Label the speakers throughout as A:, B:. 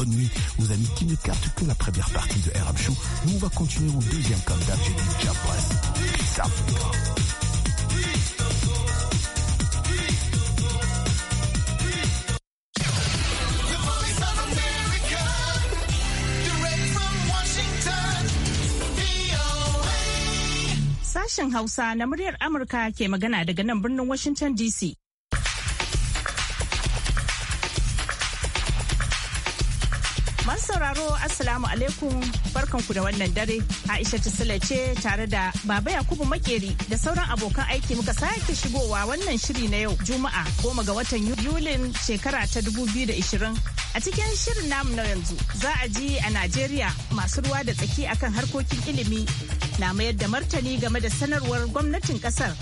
A: Bonne nuit aux amis qui ne captent que la première partie de Arab Show. Nous, on va continuer au deuxième comme d'hab. J'ai dit
B: Jabaz. Peace Africa.
C: sashen Hausa na muryar Amurka ke magana daga nan birnin Washington DC. Assalamu alaikum barkanku da wannan dare. Aisha Tisila ce tare da Baba Yakubu Makeri da sauran abokan aiki muka sake shigowa wannan shiri na yau Juma'a goma ga watan Yulin shekara ta 2020. A cikin shirin namu na yanzu za a ji a Najeriya masu ruwa da tsaki akan harkokin ilimi na mayar da martani game da sanarwar gwamnatin kasar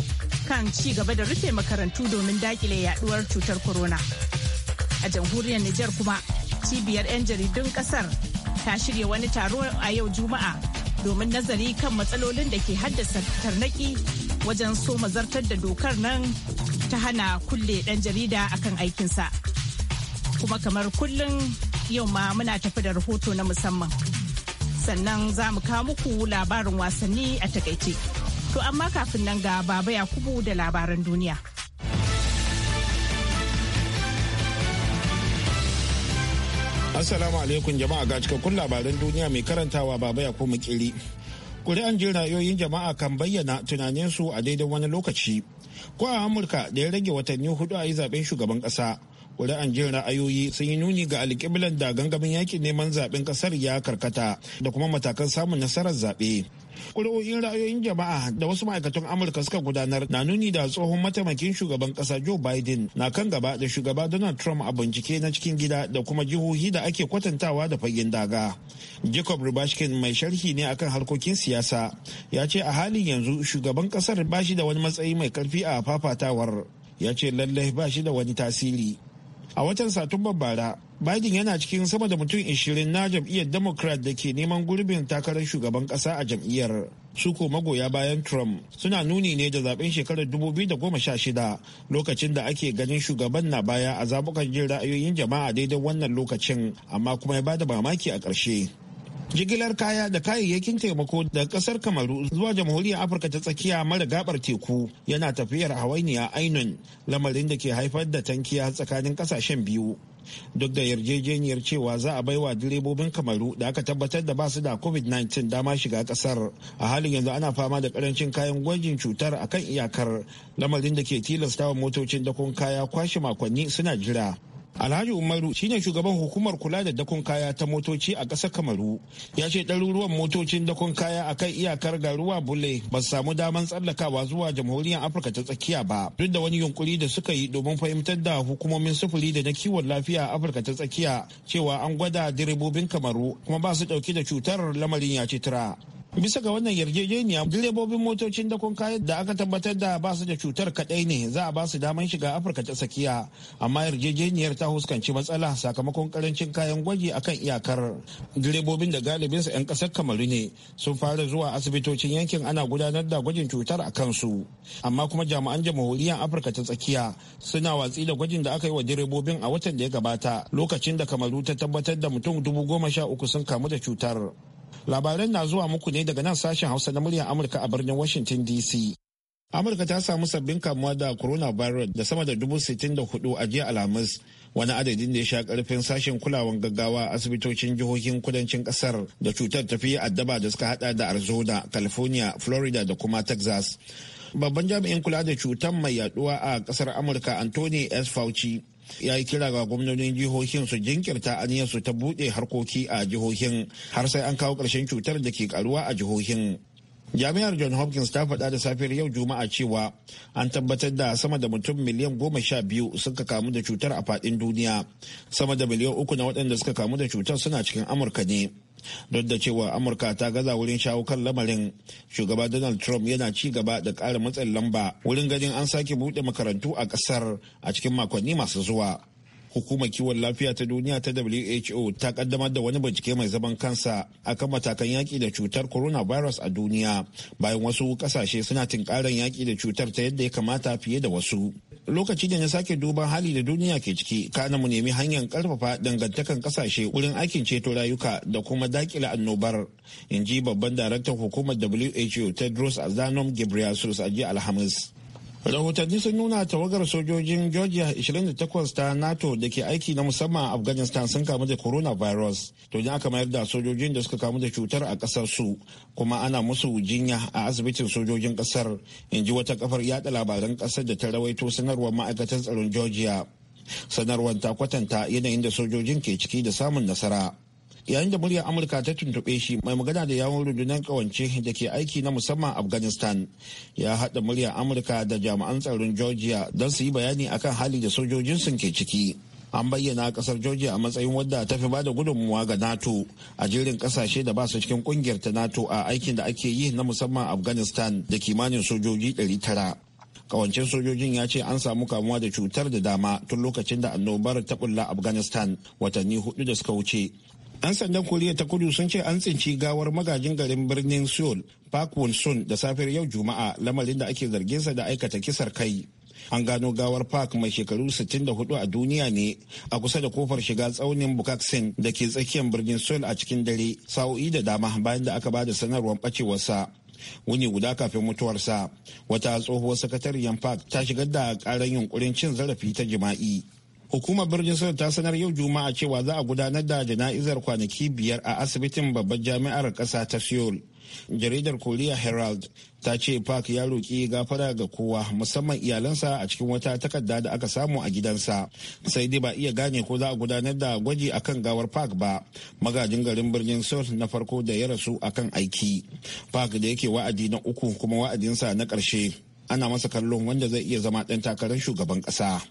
C: kan ci gaba da rufe makarantu domin dakile yaduwar cutar corona. A jamhuriyar Nijar kuma cibiyar 'yan jaridun kasar ta shirya wani taro a yau Juma'a domin nazari kan matsalolin da ke haddasa tarnaki wajen so mazartar da dokar nan ta hana kulle ɗan jarida akan aikinsa. Kuma kamar kullum yau ma muna tafi da rahoto na musamman. Sannan za mu kawo muku labarin wasanni a takaice. To amma kafin nan ga Baba Yakubu da labaran duniya.
A: Assalamu alaikum jama'a ga cikakkun labaran duniya mai karantawa baba ya kuma kiri. an jin rayoyin jama'a kan bayyana tunaninsu a daidai wani lokaci. Ko a Amurka da ya rage watanni hudu a yi zaben shugaban ƙasa. ƙuri'an jin ra'ayoyi sun yi nuni ga alƙiblan da gangamin yakin neman zaɓen ƙasar ya karkata da kuma matakan samun nasarar zaɓe. Ƙuri'o'in ra'ayoyin jama'a da wasu ma'aikatan Amurka suka gudanar na nuni da tsohon mataimakin shugaban ƙasa Joe Biden na kan gaba da shugaba Donald Trump a bincike na cikin gida da kuma jihohi da ake kwatantawa da fagen daga. Jacob Rubashkin mai sharhi ne akan harkokin siyasa ya ce a halin yanzu shugaban ƙasar ba shi da wani matsayi mai karfi a fafatawar. ya ce lallai ba shi da wani tasiri a watan satumban bara biden yana cikin sama da mutum 20 na jam'iyyar democrat da ke neman gurbin takarar shugaban kasa a jam'iyyar su ko magoya bayan trump suna nuni ne da zaben shekarar 2016 lokacin da ake ganin shugaban na baya a zabukan jin ra'ayoyin jama'a daidai wannan lokacin amma kuma ya bada mamaki a ƙarshe jigilar kaya da kayayyakin taimako daga kasar kamaru zuwa jamhuriyar afirka ta tsakiya mara gabar teku yana tafiyar hawainiya ainun lamarin da ke haifar da tankiya tsakanin kasashen biyu duk da yarjejeniyar cewa za a baiwa direbobin kamaru da aka tabbatar da basu da covid-19 dama shiga kasar a halin yanzu ana fama da karancin kayan gwajin cutar a kan iyakar lamarin da ke tilastawa motocin dakon kaya kwashe makonni suna jira Alhaji Umaru shine shugaban hukumar kula da dakon kaya ta motoci a ƙasar Kamaru. Ya ce ɗaruruwan motocin dakon kaya a kan iyakar garuwa Bule ba su samu damar tsallakawa zuwa jamhuriyar Afirka ta tsakiya ba. Duk da wani yunkuri da suka yi domin fahimtar da hukumomin sufuri da na kiwon lafiya a Afirka ta tsakiya cewa an gwada direbobin Kamaru kuma ba su ɗauki da cutar lamarin ya ce tura. bisa ga wannan yarjejeniya direbobin motocin dakon kayan da aka tabbatar da ba su da cutar kadai ne za a ba su daman shiga afirka ta tsakiya amma yarjejeniyar ta huskanci matsala sakamakon karancin kayan gwaji akan iyakar direbobin da galibin su 'yan kasar kamaru ne sun fara zuwa asibitocin yankin ana gudanar da gwajin cutar a kansu amma kuma jami'an jamhuriyar afirka ta tsakiya suna watsi da gwajin da aka yi wa direbobin a watan da ya gabata lokacin da kamaru ta tabbatar da mutum dubu goma sha uku sun kamu da cutar Labaran na zuwa muku ne daga nan sashen Hausa na muryar Amurka a birnin Washington DC. Amurka ta samu sabbin kamuwa da Corona Virus da sama da dubu sittin da hudu a jiya Alhamis wani adadin da ya sha karfin sashen kulawan gaggawa asibitocin jihohin kudancin kasar da cutar ta addaba da suka hada da Arizona, California, Florida da kuma Texas. Babban jami'in kula da cutar mai yaduwa a kasar Amurka Anthony S. Fauci ya yi kira ga gwamnonin jihohin su jinkirta aniyarsu ta buɗe harkoki a jihohin har sai an kawo karshen cutar da ke karuwa a jihohin jami'ar john hopkins ta faɗa da safiyar yau juma'a cewa an tabbatar da sama da mutum miliyan goma sha biyu suka kamu da cutar a faɗin duniya sama da miliyan uku na waɗanda suka kamu da cutar suna cikin amurka ne duk da cewa amurka ta gaza wurin shawo kan lamarin shugaba donald trump yana ci gaba da ƙara matsin lamba wurin ganin an sake buɗe makarantu a ƙasar a cikin makonni masu zuwa hukumar kiwon lafiya ta duniya ta who ta kaddamar da wani bincike mai zaman kansa akan matakan yaƙi da cutar coronavirus a duniya bayan wasu ƙasashe suna tinkarar yaƙi da cutar ta yadda ya kamata fiye da wasu lokaci da na sake duban hali da duniya ke ciki kana mu nemi hanyar karfafa dangantakan kasashe wurin aikin ceto rayuka da kuma dakila annobar in ji babban daraktan hukumar who tedros adhanom ghebreyesus a jiya alhamis rahotanni sun nuna tawagar sojojin georgia 28 ta nato da ke aiki na musamman a afghanistan sun kamu da coronavirus to ne aka mayar da sojojin da suka kamu da cutar a kasar su kuma ana musu jinya a asibitin sojojin kasar in ji wata kafar yada labaran kasar da ta rawaito sanarwar ma'aikatan tsaron georgia sanarwar ta kwatanta yanayin da sojojin ke ciki da samun nasara yayin da muryar amurka ta tuntuɓe shi mai magana da yawon rundunar kawance da ke aiki na musamman afghanistan ya haɗa muryar amurka da jami'an tsaron georgia don su yi bayani akan hali da sojojin sun ke ciki an bayyana kasar georgia a matsayin wadda ta fi da gudunmuwa ga nato a jerin kasashe da ba su cikin kungiyar ta nato a aikin da ake yi na musamman afghanistan da kimanin sojoji 900 kawancin sojojin ya ce an samu kamuwa da cutar da dama tun lokacin da annobar ta bulla afghanistan watanni hudu da suka wuce an sandan Koriya ta kudu sun ce an tsinci gawar magajin garin birnin Seoul Park Won-sun da safiyar yau Juma'a lamarin da ake zargin sa da aikata kisar kai. An gano gawar Park mai shekaru 64 a duniya ne a kusa da kofar shiga tsaunin Bukaksin da ke tsakiyar birnin Seoul a cikin dare sa'o'i da dama bayan da aka bada sanarwar bacewarsa. wuni guda kafin mutuwarsa wata tsohuwar sakatariyar park ta shigar da karan yunkurin cin zarafi ta jima'i Hukumar birnin sun ta sanar yau Juma'a cewa za a gudanar da jana'izar kwanaki biyar a asibitin babbar jami'ar ƙasa ta Seoul. Jaridar Korea Herald ta ce Park ya roƙi gafara ga kowa musamman iyalansa a cikin wata takarda da aka samu a gidansa. Sai dai ba iya gane ko za a gudanar da gwaji akan gawar Park ba. Magajin garin birnin Seoul na farko da ya rasu akan aiki. Park da yake wa'adi na uku kuma wa'adinsa na karshe Ana masa kallon wanda zai iya zama ɗan takarar shugaban ƙasa.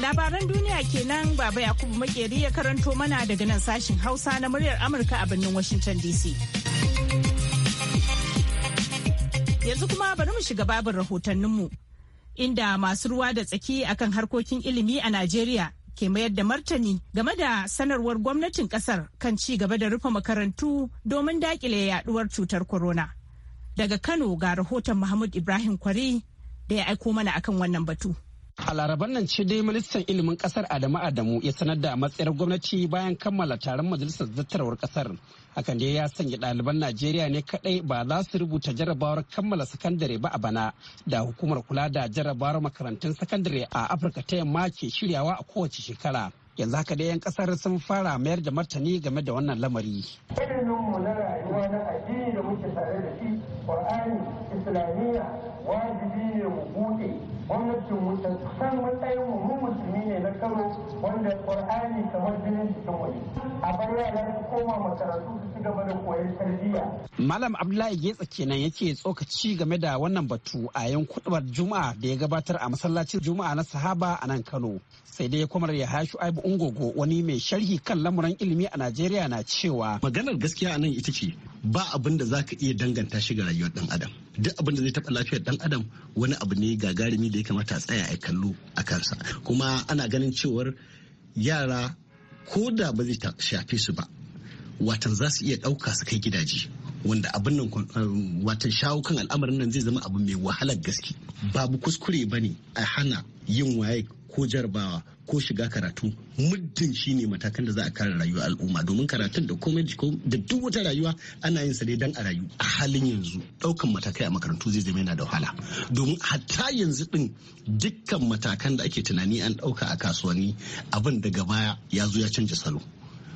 C: Labaran duniya kenan Baba Yakubu Makeri ya karanto mana daga nan sashin Hausa na muryar Amurka a birnin Washington DC. Yanzu kuma bari mu shiga babin rahotanninmu. Inda masu ruwa da tsaki akan harkokin ilimi a Najeriya ke mayar da martani game da sanarwar gwamnatin kasar kan ci gaba da rufe makarantu domin dakile yaduwar cutar corona. Daga Kano ga rahoton Muhammad Ibrahim Kwari da ya aiko mana akan wannan batu. A laraban
D: nan ce dai ministan ilimin kasar Adamu Adamu ya sanar da matsayar gwamnati bayan kammala taron majalisar zattarwar kasar. Hakan dai ya sanya ɗaliban Najeriya ne kaɗai ba za su rubuta jarabawar kammala sakandare ba a bana da hukumar kula da jarrabawar makarantun sakandare a Afirka ta yamma ke shiryawa a kowace shekara. Yanzu haka dai 'yan kasar sun fara mayar da martani game da wannan lamari. Ilimin mu na rayuwa na addini da muke tare da shi qur'ani
E: islamiyya wajibi ne mu buɗe gwamnatin mu ta san matsayin mu mu musulmi ne na karo wanda qur'ani kamar jinin cikin wani a bar
D: yara
B: su koma makarantu su ci gaba da koyon tarbiyya
D: malam abdullahi getsa kenan yake tsokaci game da wannan batu a yankuɗar juma'a da ya gabatar a masallacin juma'a na sahaba a nan kano sai dai kwamar ya hashu aibu ungogo wani mai sharhi kan lamuran ilimi a najeriya
E: na cewa maganar gaskiya nan ita ce ba abin da za ka iya danganta shi ga rayuwar dan adam duk abin da zai taɓa lafiyar dan adam wani abu ne gagarumi da ya kamata a tsaya a kallo a kansa kuma ana ganin cewar yara ko da ba zai shafe su ba watan za su iya ɗauka su kai gidaje wanda abin nan um, watan shawo kan al'amarin nan zai zama abu mai wahalar gaske babu kuskure ba ne a hana yin waye ko jarabawa ko shiga karatu muddin shine matakan da za a kare rayuwar al'umma domin karatun da komai da duk wata rayuwa ana yin sa ne dan a rayu a halin yanzu daukan matakai a makarantu zai zama yana da wahala domin hatta yanzu din dukkan matakan da ake tunani an dauka a kasuwanni abin daga baya ya zo ya canja salo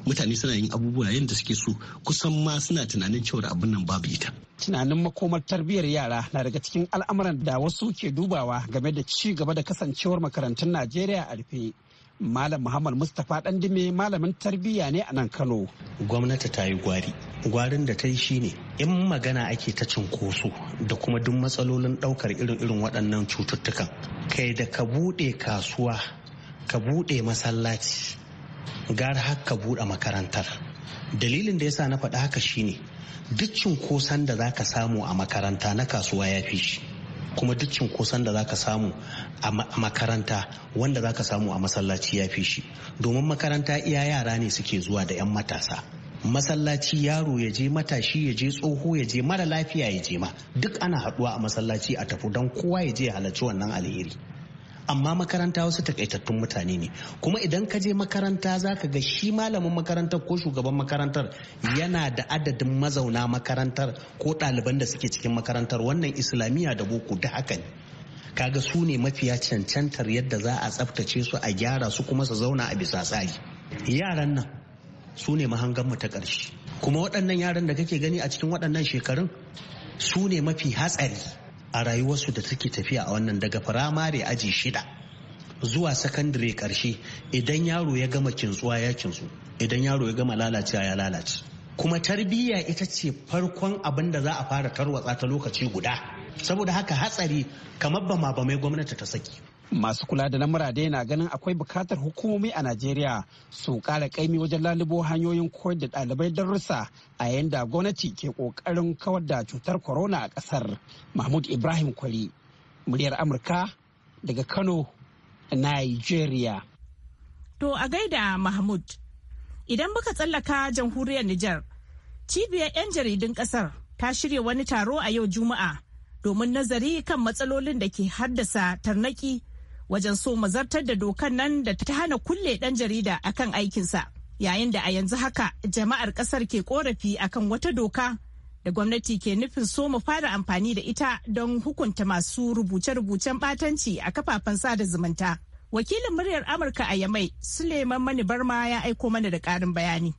E: mutane suna yin abubuwa yadda suke so kusan ma suna tunanin cewar abin nan babu ita
D: tunanin makomar tarbiyyar yara na daga cikin al'amuran da wasu ke dubawa game da ci gaba da kasancewar makarantun najeriya a rufe Malam Muhammad Mustapha Dandime malamin tarbiyya ne a nan Kano.
E: Gwamnati ta yi gwari. Gwarin da ta yi shine in magana ake ta cinkoso da kuma duk matsalolin ɗaukar irin irin waɗannan cututtukan. Kai da ka buɗe kasuwa, ka buɗe masallaci, gara haka buɗe makarantar dalilin da ya sa na faɗa haka shine duk cinkosan da za ka samu a makaranta na kasuwa ya fi shi kuma duk cinkosan da za ka samu a makaranta wanda za ka samu a masallaci ya fi shi domin makaranta iya yara ne suke zuwa da 'yan matasa masallaci yaro ya je matashi ya je tsoho ya je mara lafiya ya je ma duk ana haɗuwa a masallaci a tafi don kowa ya je halarci wannan alheri amma makaranta wasu takaitattun mutane ne kuma idan ka je makaranta za ka ga shi malamin makarantar ko shugaban makarantar yana da adadin mazauna makarantar ko ɗaliban da suke cikin makarantar wannan islamiyya da boko da haka ne kaga su ne mafiya cancantar yadda za a tsaftace su a gyara su kuma su zauna a bisa tsari yaran nan su ne mahanganmu ta ƙarshe kuma waɗannan yaran da kake gani a cikin waɗannan shekarun su ne mafi hatsari a rayuwarsu da take tafiya a wannan daga firamare aji shida zuwa sakandare karshe idan yaro ya gama kintsuwa ya kintsu idan yaro ya gama lalacewa ya lalace kuma tarbiyya ita ce farkon abin da za a fara tarwatsa ta lokaci guda saboda haka hatsari kamar ba ma ba mai gwamnati ta saki masu kula da lamura
D: dai na ganin akwai bukatar hukumomi a najeriya su kara kaimi wajen lalubo hanyoyin koyar da ɗalibai darussa a yayin da gwamnati ke kokarin kawar da cutar corona a kasar mahmud ibrahim kwari muryar amurka daga kano
C: nigeria to a gaida mahmud idan muka tsallaka jamhuriyar Nijar cibiyar 'yan jaridun kasar ta shirya wani taro a yau juma'a domin nazari kan matsalolin da ke haddasa tarnaki wajen so mazartar da dokan nan da ta hana kulle dan jarida akan aikinsa yayin da a yanzu haka jama'ar kasar ke korafi akan wata doka da gwamnati ke nufin so mu fara amfani da ita don hukunta masu rubuce-rubucen batanci a kafafen sada zumunta. Wakilin muryar Amurka a Yamai, Suleiman Mani Barma ya aiko mana da karin bayani.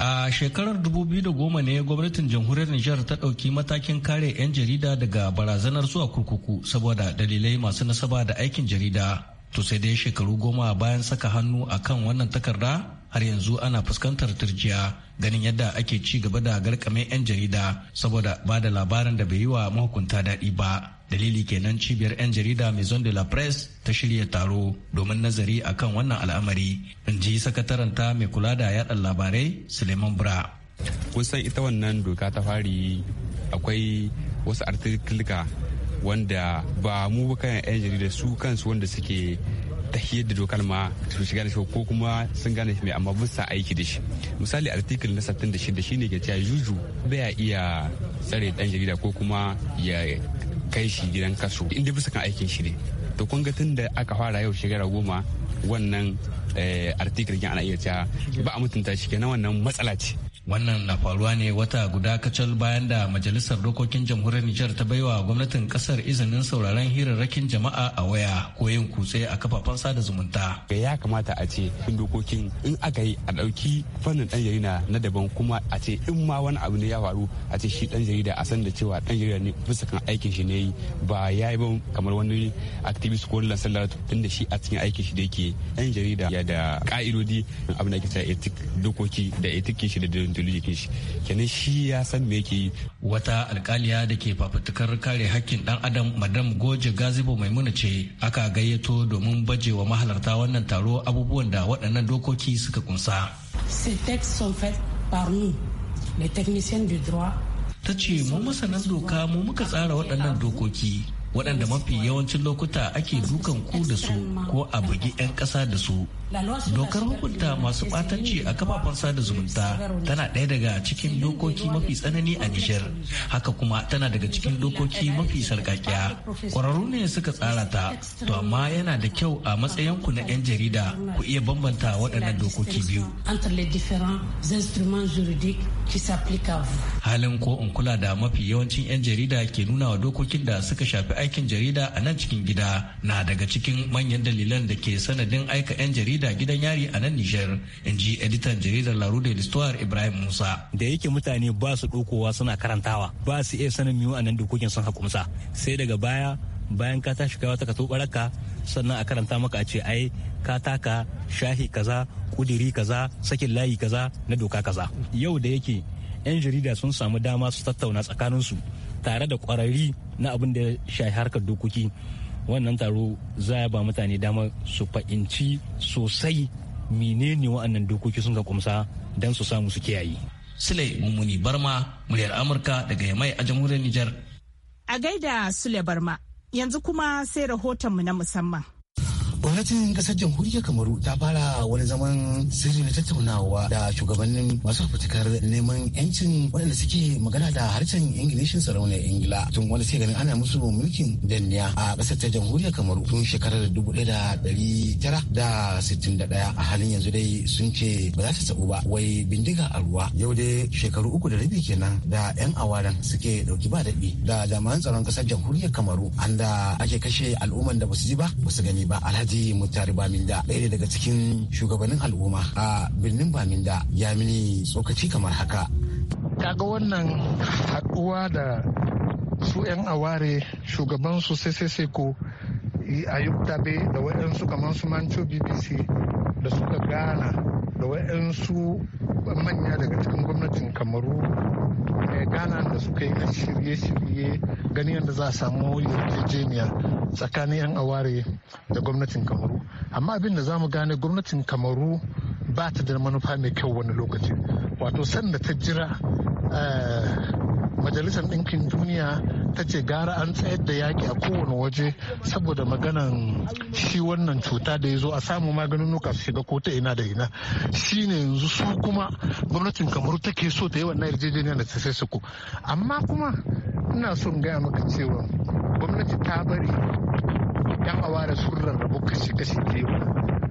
F: A shekarar 2010 ne gwamnatin jamhuriyar Nijar ta ɗauki matakin kare 'yan jarida daga barazanar zuwa kurkuku saboda dalilai masu nasaba da aikin jarida. To sai dai shekaru goma bayan saka hannu a kan wannan takarda har yanzu ana fuskantar turjiya ganin yadda ake ci gaba da garkame 'yan jarida saboda ba da labarin da bai yi wa mahukunta daɗi ba. dalili kenan cibiyar 'yan jarida maison de la presse ta shirya taro domin nazari akan wannan al'amari in ji sakataren ta mai kula da yada labarai
G: suleiman bra kusan ita wannan doka ta fari akwai wasu artikulka wanda ba mu kayan 'yan jarida su kansu wanda suke tahiyar da dokar ma su shiga da shi ko kuma sun gane shi mai amma bin sa aiki da shi misali artikul na 66 shine ke cewa juju baya iya tsare dan jarida ko kuma ya kai shi gidan kaso inda bisa kan aikin shi ne to kun ga tun da aka fara yau shekara goma wannan eh, artikel ana iya cewa ba a mutunta shi kenan wannan matsala ce
F: Wannan na faruwa ne wata guda kacal bayan da Majalisar Dokokin Jamhuriyar Nijar ta baiwa gwamnatin kasar izinin sauraron hirarrakin jama'a a waya ko yin kutse a kafafen
G: sada zumunta. Ya kamata a ce dokokin in aka yi a ɗauki fannin ɗan jarida na daban kuma a ce in ma wani abu ne ya faru a ce shi ɗan jarida a san da cewa ɗan jarida ne bisa kan aikin shi ne ba ya yi ba kamar wani activist ko lansallar tun da shi a cikin aikin shi da yake ɗan jarida ya da ka'idodi abin da ake cewa etik dokoki da etikin shi da fitilu jikin shi kenan shi ya san me yake yi wata alkaliya da ke fafutukar
F: kare hakkin dan adam madam goje gazibo maimuna ce aka gayyato domin baje wa mahalarta wannan taro abubuwan da waɗannan dokoki suka kunsa ta ce mu masanan doka mu muka tsara waɗannan dokoki waɗanda mafi yawancin lokuta ake dukan ku da su ko a bugi 'yan ƙasa da su
E: Dokar
F: hukunta masu ɓatanci a kafafen sada zumunta tana ɗaya daga cikin dokoki mafi tsanani a Nijar, haka kuma tana daga cikin dokoki mafi sarkakiya. Ƙwararru ne suka tsara ta, to amma yana da kyau a matsayinku na 'yan jarida ku iya bambanta waɗannan dokoki biyu. Halin ko in kula da mafi yawancin 'yan jarida ke nuna wa dokokin da suka shafi aikin jarida a nan cikin gida na daga cikin manyan dalilan da ke sanadin aika 'yan jarida jarida gidan yari a nan Nijar, in ji editan jaridar Laru da Ibrahim Musa. Da yake mutane ba su dokowa suna karantawa, ba su iya sanin miyu a nan dokokin sun hakumsa. Sai daga baya bayan ka tashi kai wata ka baraka sannan a karanta maka a ce ai ka taka shahi kaza kudiri kaza sakin layi kaza na doka kaza yau da yake yan jarida sun samu dama su tattauna tsakaninsu tare da kwararri na abin da shahi harkar dokoki wannan taro za ya ba mutane damar su fahimci sosai menene wa'annan dokoki sun ka kumsa don su samu su kiyaye. Sule Mummuni Barma, muryar Amurka daga Yamai a jamhuriyar Nijar.
C: A gaida Sule Barma, yanzu kuma sai rahotonmu na musamman. gwamnatin
H: kasar jamhuriyar kamaru ta fara wani zaman sirri na tattaunawa da shugabannin masu fitikar neman yancin waɗanda suke magana da harshen ingilishin sarauniyar ingila tun wani suke ganin ana musu mulkin danniya a kasar ta jamhuriyar kamaru tun shekarar dubu ɗaya da ɗari tara da sittin da ɗaya a halin yanzu dai sun ce ba za ta taɓu ba wai bindiga a ruwa yau dai shekaru uku da rabi kenan da 'yan awaran suke ɗauki ba daɗi da jami'an tsaron kasar jamhuriyar kamaru an da ake kashe al'umman da ba su ji ba ba su gani ba alhaji Alhaji Mutari Baminda ɗaya daga cikin shugabannin al'umma a birnin Baminda ya mini tsokaci kamar haka. Kaga wannan haɗuwa da su 'yan
I: aware shugaban su sai ko ayub tabe da waɗansu kamar su manco bbc da suka gana da wayansu manya daga cikin gwamnatin kamaru ghana da suka yi shirye-shirye ganin yadda za a samu yarjejeniya tsakanin 'yan aware da gwamnatin kamaru amma abin da za mu gane gwamnatin kamaru ba ta da manufa mai kyau wani lokaci wato sanda ta jira eh, majalisar ɗinkin duniya ta ce gara an tsayar da yaƙi a kowane waje saboda maganan shi wannan cuta da ya zo a samu nuka su shiga ko ta ina da ina shi ne yanzu su kuma gwamnatin kamaru take so ta yi wannan yarjejeniya da sai su amma kuma ina son gaya maka cewa gwamnati ta bari yan awa awara sun rarrabu kashi-kashi biyu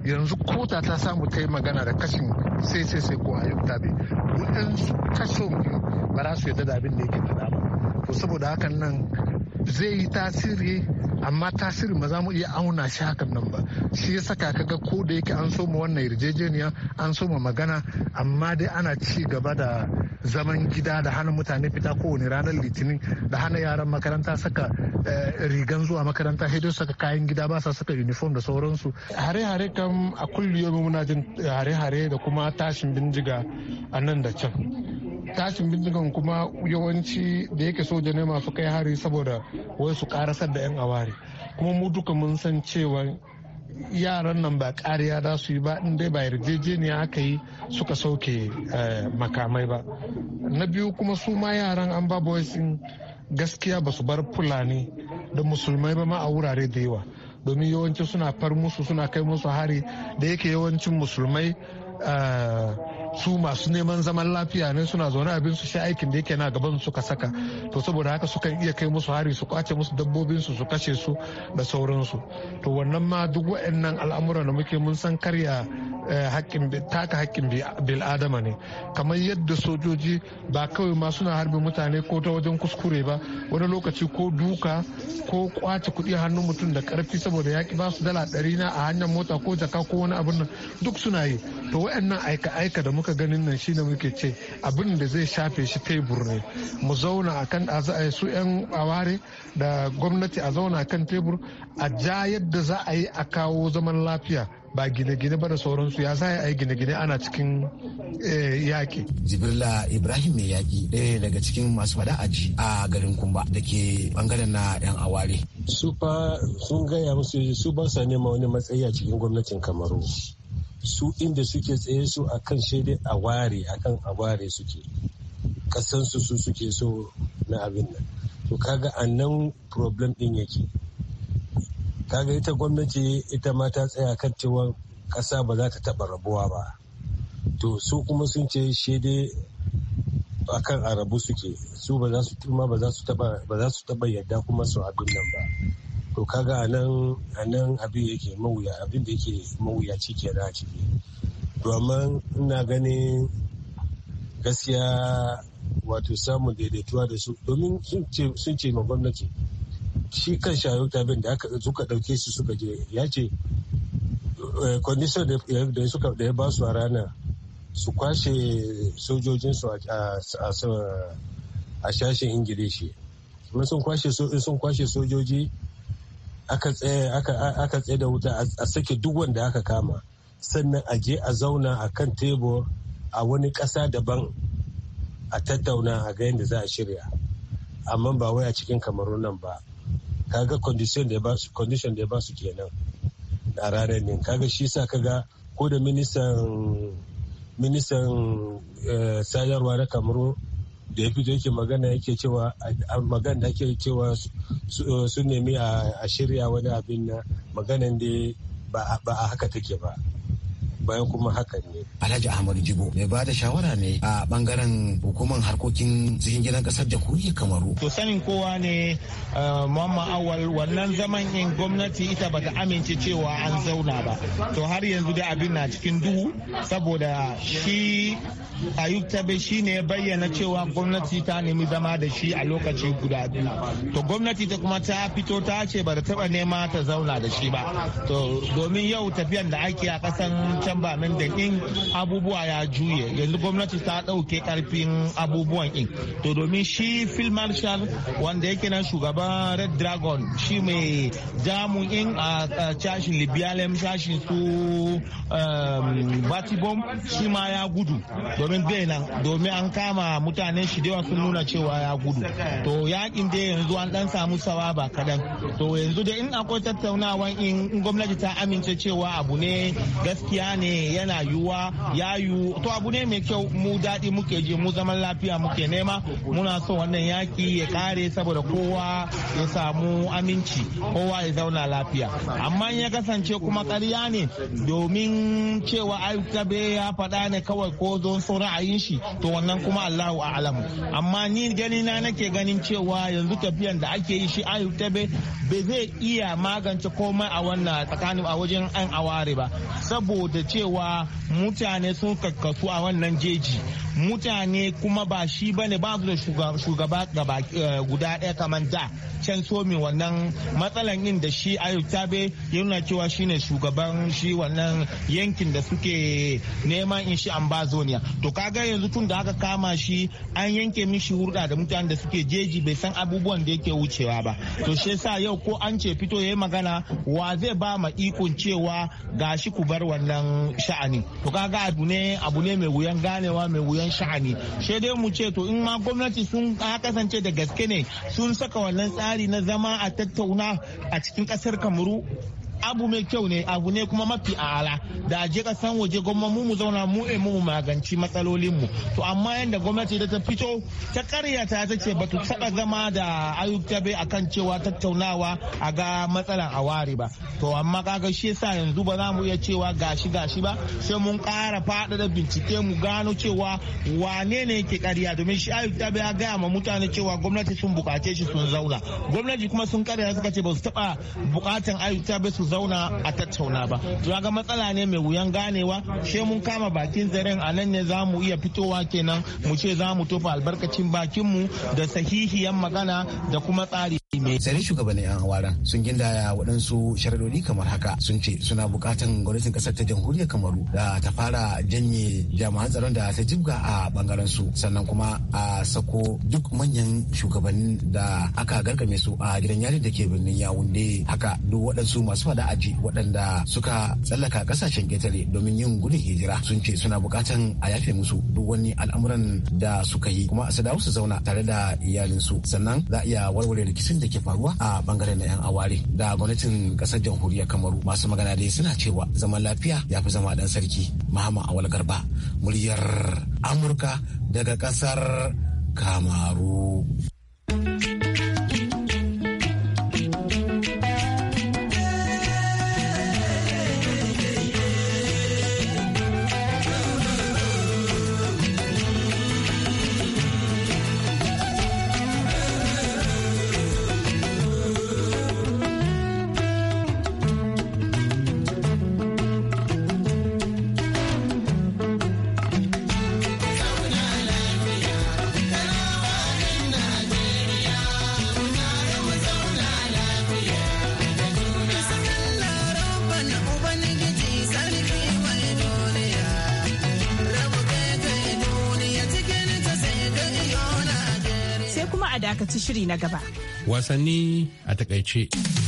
I: yanzu kota ta samu ta yi magana da kashin sai sai sai ko ayyuka tabe waɗansu kashin ba za su yadda da abin da yake faɗa ba to saboda hakan nan zai yi tasiri amma tasiri ba za mu iya auna shi hakan nan ba shi ya saka kaga ko da yake an ma wannan yarjejeniya an ma magana amma dai ana ci gaba da zaman gida da hana mutane fita kowane ranar litinin da hana yaran makaranta saka eh, rigan zuwa makaranta sai saka kayan gida ba sa saka uniform da sauransu hare-hare kam a kulliyomi muna jin hare-hare da kuma tashin bindiga a nan da can tashin bindigan kuma yawanci da yake soja ne masu kai hari saboda wai su karasar da 'yan awari kuma mu duka mun san cewa yaran nan ba kariya za su yi ba in ba yarjejeniya aka yi suka sauke eh, makamai ba na biyu kuma su ma yaran an ba boys gaskiya ba su bar fulani da musulmai ba ma a wurare da yawa domin yawanci suna far musu suna kai musu hari da yake yawancin musulmai eh, su masu neman zaman lafiya ne suna zaune abin su sha aikin da yake na gaban su ka saka to saboda haka sukan iya kai musu hari su kwace musu dabbobin su su kashe su da sauransu to wannan ma duk waɗannan al'amuran da muke mun san karya eh, taka hakkin bil adama ne kamar yadda sojoji ba kawai ma suna harbi mutane ko ta wajen kuskure ba wani lokaci ko duka ko kwace kuɗi hannun mutum da karfi saboda yaƙi ba su dala ɗari na a hanyar mota ko jaka ko wani abin nan duk suna yi to waɗannan aika-aika da muka ganin nan shine muke ce abin da zai shafe shi tebur ne mu zauna a kan eh, su 'yan aware da gwamnati a zauna a kan tebur a ja yadda za a yi a kawo zaman lafiya ba gine-gine ba da sauransu ya a yi gine-gine ana cikin eh, yaƙi.
H: jibrila ibrahim mai yaƙi ɗaya daga cikin masu faɗa aji a garin kumba da ke
J: bangaren na yan aware. su fa sun gaya musu su ba sa nema wani matsayi a cikin gwamnatin kamaru su inda suke tsaye su a kan shaidai a ware a kan a ware suke kasansu su suke so na abin nan to kaga annan nan problem din yake kaga ita gwamnati ita ma ta tsaya kan cewa kasa ba za ta taba rabuwa ba to su kuma sun ce shaidai akan arabu suke su ba su taba ba za su taba yadda kuma su abin nan ba to kaga anan anan abin yake mawuya abin da yake mawuyaci ke da ciki domin ina ganin gaskiya wato samun daidaituwa da su domin sun ce ma gwamnati shi kan shayo tabin da aka suka dauke su suka je ya ce eh, condition da suka da ya ba su a rana su kwashe sojojinsu a shashin ingilishi kuma sun kwashe sun kwashe sojoji aka tsaye da wuta a sake duk wanda aka kama sannan a je a zauna a kan tebur a wani ƙasa daban a tattauna a ga yadda za a shirya amma ba wai a cikin kamaru nan ba kaga condition da ya ba su kenan a ranar ne kaga shi sa kaga ko da ministan eh, sayarwa na kamaru da ya fito yake magana yake cewa magana ake cewa sun nemi a shirya wani abin na maganan da ba a haka take ba bayan kuma hakan ne. Alhaji Ahmad Jibo mai ba da shawara ne a
H: bangaren hukumar harkokin cikin gidan kasar jamhuriyar Kamaru. To sanin kowa ne eh,
B: Muhammad Awal wannan zaman in gwamnati ita bata amince cewa an zauna ba. To har yanzu da abin na cikin duhu saboda shi Ayub Tabe shi ne ya bayyana cewa gwamnati ta nemi zama da shi a lokaci guda biyu. To gwamnati ta kuma ta fito ta ce bata taba nema ta zauna da shi ba. To domin yau tafiyan da ake a kasan can environment din in abubuwa ya juye yanzu gwamnati ta dauke karfin abubuwan in to domin shi phil marshal wanda yake nan shugaban red dragon shi mai jamu in a cashin libyalem cashin su um, batibom shi ma ya gudu domin bai nan domin an kama mutanen shi da sun nuna cewa ya gudu to yakin dai yanzu an dan samu sawa ba kadan to yanzu da in akwai tattaunawa in gwamnati ta amince cewa abu ne gaskiya ne yana yiwuwa ya yiwu to abu ne mai kyau mu daɗi muke je mu zaman lafiya muke nema muna so wannan yaki ya kare saboda kowa ya samu aminci kowa ya zauna lafiya amma ya kasance kuma ƙarya ne domin cewa aikabe ya faɗa ne kawai ko don so ra'ayin shi to wannan kuma allahu a'lamu amma ni gani na nake ganin cewa yanzu tafiyan da ake yi shi aikabe bai zai iya magance komai a wannan tsakanin a wajen an aware ba saboda cewa mutane sun kakkasu a wannan jeji mutane kuma ba shi ba ne ba da shugaba eh, guda ɗaya kamar da can somi wannan matsalan yin da shi ayub tabe yana cewa cewa ne shugaban shi wannan yankin da suke neman in shi ambazoniya to kaga yanzu tun da aka kama shi an yanke mishi hurɗa da mutane da suke jeji bai san abubuwan da yake wucewa ba to shi sa yau ko an ce fito yayi magana wa zai ba ma ikon cewa gashi ku bar wannan sha'ani to kaga abu ne abu ne mai wuyan ganewa mai wuyan sha'ani sai dai mu ce to in ma gwamnati sun kasance da gaske ne sun saka wannan tsari na zama a tattauna a cikin kasar kamaru abu mai kyau ne abu ne kuma mafi ala da je kasan waje gwamnati mu mu zauna mu e mu maganci matsalolin mu to amma yanda gwamnati da ta fito ta karyata ta ce batu taba zama da ayyuka bai akan cewa tattaunawa a ga matsalan a ware ba to amma kaga shi yasa yanzu ba za mu iya cewa gashi gashi ba sai mun kara faɗaɗa bincike mu gano cewa wane ne yake karya domin shi ayyuka bai ya gaya ma mutane cewa gwamnati sun buƙace shi sun zauna gwamnati kuma sun karya suka ce ba su taba bukatan ayyuka bai su zauna a tattauna ba to ga matsala ne mai wuyan ganewa sai mun kama bakin zaren a nan ne zamu iya fitowa kenan mu ce za mu tofa albarkacin bakin mu da sahihiyan magana da kuma tsari
H: Tsarin shugabannin 'yan awara sun gindaya waɗansu sharadodi kamar haka sun ce suna buƙatan gwamnatin ƙasar ta jamhuriyar Kamaru da ta fara janye jami'an tsaron da ta jibga a ɓangaren su sannan kuma a sako duk manyan shugabannin da aka gargame su a gidan yarin da ke birnin Yawunde haka duk waɗansu masu fada aji waɗanda suka tsallaka ƙasashen ƙetare domin yin gudun hijira sun ce suna buƙatan a yafe musu duk wani al'amuran da suka yi kuma su dawo su zauna tare da iyalinsu sannan za a iya warware rikicin da ke faruwa a bangaren na 'yan aware da gwamnatin kasar jamhuriyar kamaru masu magana dai suna cewa zaman lafiya ya fi zama dan sarki mahama awal garba muryar amurka daga kasar kamaru.
C: dakatar shiri na gaba. Wasanni
G: a takaice.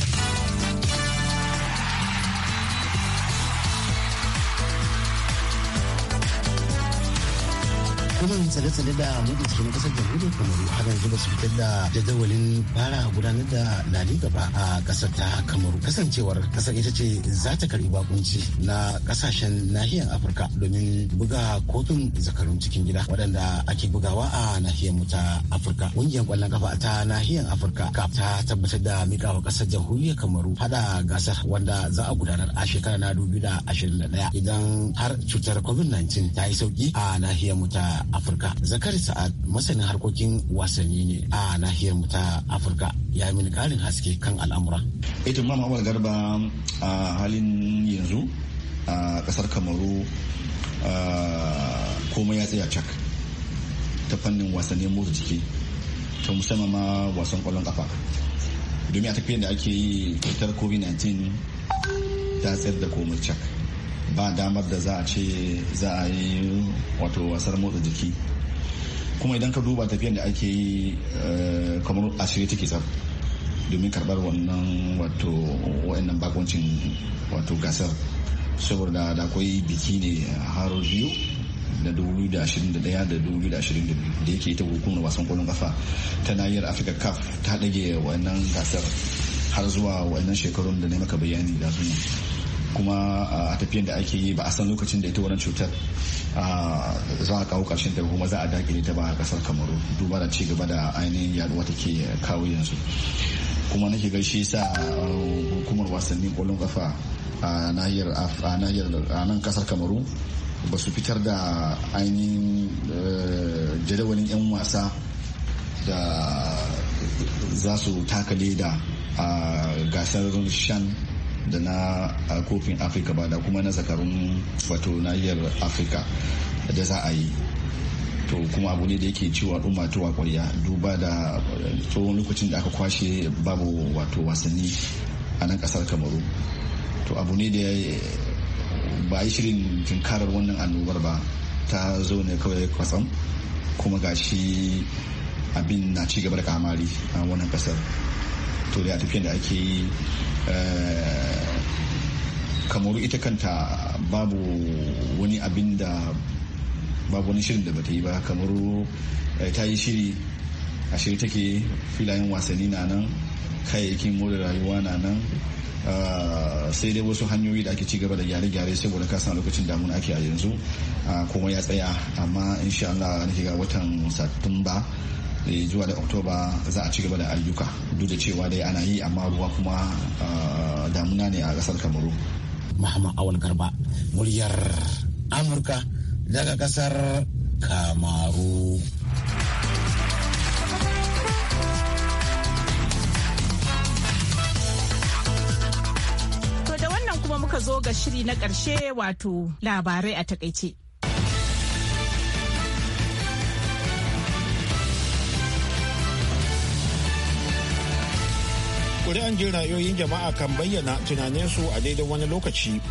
H: tsare-tsare da mulkin cikin kasar jamhuriyar kamaru har yanzu ba su fitar da jadawalin fara gudanar da lali gaba a kasar ta kamaru kasancewar kasar ita ce za ta karbi bakunci na kasashen nahiyar afirka domin buga kotun zakarun cikin gida waɗanda ake bugawa a nahiyar mu ta afirka ƙungiyar ƙwallon kafa ta nahiyar afirka ta tabbatar da mika wa kasar jamhuriyar kamaru hada gasar wanda za a gudanar a shekara na ɗaya idan har cutar covid-19 ta yi sauki a nahiyar mu ta afirka Zakari Sa'ad masanin harkokin wasanni ne a nahiyar mu ta Afirka ya yi mini karin
K: haske kan al'amura. Eh Ita ma Garba a halin yanzu a kasar Kamaru komai ya tsaya cak ta fannin wasannin motsa jiki ta musamman ma wasan kwallon kafa. Domin a tafiyar da ake yi cutar COVID-19 ta tsayar da komai cak. ba damar da za a ce za a yi wato wasar motsa jiki kuma idan ka duba tafiyan da ake yi eh, kamar asibiti shirye take domin karbar wannan wato wa'annan bakoncin wato gasar saboda da akwai biki ne har biyu da 2021 da 2022 da yake ita hukumar wasan kwallon kafa ta nahiyar afirka cup ta ɗage wannan gasar har zuwa wannan shekarun da na maka bayani da sunan kuma a tafiyan da ake yi ba a san lokacin da ita wannan cutar za a kawo karshen da kuma za a dakile ta ba a kasar kamaru duba da ci gaba da ainihin yaduwa take kawo yanzu kuma nake gaishe sa hukumar wasannin kwallon kafa a nahiyar nan kasar kamaru ba su fitar da ainihin e, jadawalin 'yan wasa da za su taka leda a gasar shan da na kofin afirka ba da kuma na zakarun wato nahiyar afirka da za a yi to kuma abu ne da yake ciwon al'umma tuwa kwarya duba da tsohon lokacin da aka kwashe babu wato wasanni a nan kasar kamaru to abu ne da ba yi shirin tunkarar wannan annobar ba ta zo ne kawai kwatsam kuma gashi abin na ci gaba da kamari a wannan kasar to da tafiya da ake yi eh, kamaru ita kanta babu wani abin da babu wani shirin da bata yi ba kamaru eh, ta yi shiri a shirin take filayen wasanni na nan kayayyakin more rayuwa na nan eh, sai dai wasu hanyoyi da ake cigaba da gyare-gyare saboda kasan lokacin damuna ake a yanzu ah, kuma ya tsaya amma insha Allah ga watan satumba Eh, zuwa da oktoba za a ci gaba da ayyuka duk da cewa dai ana yi amma ruwa kuma ah, damuna ne a kasar kamaru muhammad awal garba muryar amurka daga kasar kamaru
C: to da wannan kuma muka zo ga shiri na ƙarshe wato labarai a takaice
A: an jin ra'ayoyin jama'a kan bayyana tunaninsu a daidai wani lokaci.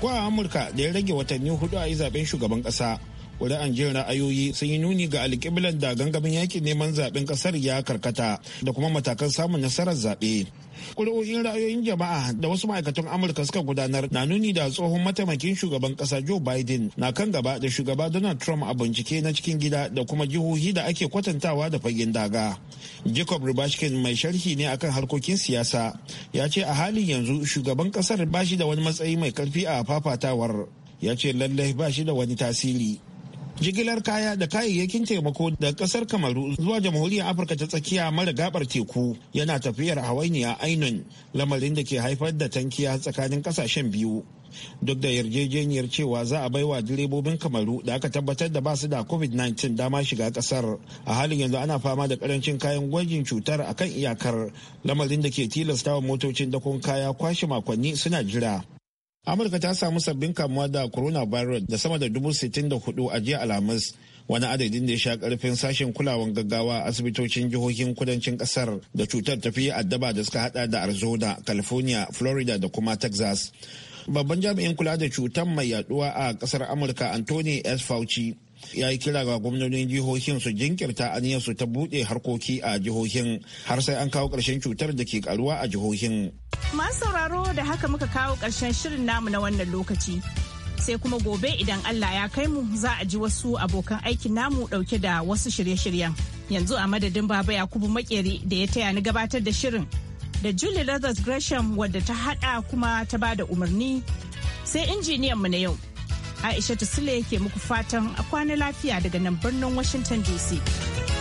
A: Ko a Amurka da ya rage watanni hudu a yi zaben shugaban ƙasa. ƙuri'an jin ra'ayoyi sun yi nuni ga alƙiblar da gangamin yakin neman zaɓen ƙasar ya karkata da kuma matakan samun nasarar zaɓe. Ƙuri'o'in ra'ayoyin jama'a da wasu ma'aikatan Amurka suka gudanar na nuni da tsohon mataimakin shugaban ƙasa Joe Biden na kan gaba da shugaba Donald Trump a bincike na cikin gida da kuma jihohi da ake kwatantawa da fagen daga. Jacob Rubashkin mai sharhi ne akan harkokin siyasa ya ce a halin yanzu shugaban ƙasar bashi da wani matsayi mai karfi a fafatawar. ya ce lallai ba shi da wani tasiri jigilar kaya da kayayyakin taimako da kasar kamaru zuwa jamhuriyar afirka ta tsakiya mara gabar teku yana tafiyar a ainun lamarin da ke haifar da tankiya tsakanin kasashen biyu duk da yarjejeniyar cewa za a baiwa direbobin kamaru da aka tabbatar da basu da covid-19 dama shiga kasar a halin yanzu ana fama da karancin kayan gwajin cutar a kan iyakar lamarin da ke tilastawa motocin dakon kaya kwashe makonni suna jira amurka ta samu sabbin kamuwa da corona virus da sama da dubu sittin da hudu a jiya alhamis wani adadin da ya sha karfin sashen kulawan gaggawa asibitocin jihohin kudancin kasar da cutar ta addaba da suka hada da arizona california florida da kuma texas babban jami'in kula da cutar mai yaduwa a kasar amurka anthony s fauci ya yi kira ga gwamnonin jihohin su jinkirta su ta buɗe harkoki a jihohin har sai an kawo ƙarshen cutar da ke karuwa a jihohin.
C: Masu sauraro da haka muka kawo ƙarshen shirin namu na wannan lokaci. Sai kuma gobe idan Allah ya kai mu za a ji wasu abokan aikin namu ɗauke da wasu shirye-shiryen. Yanzu a madadin Baba Yakubu Makeri da ya taya ni gabatar da shirin. Da Julie Leathers Gresham wadda ta haɗa kuma ta bada umarni. Sai injiniyan mu na yau. Aisha Sule ke muku fatan a kwana lafiya daga nan birnin Washington DC.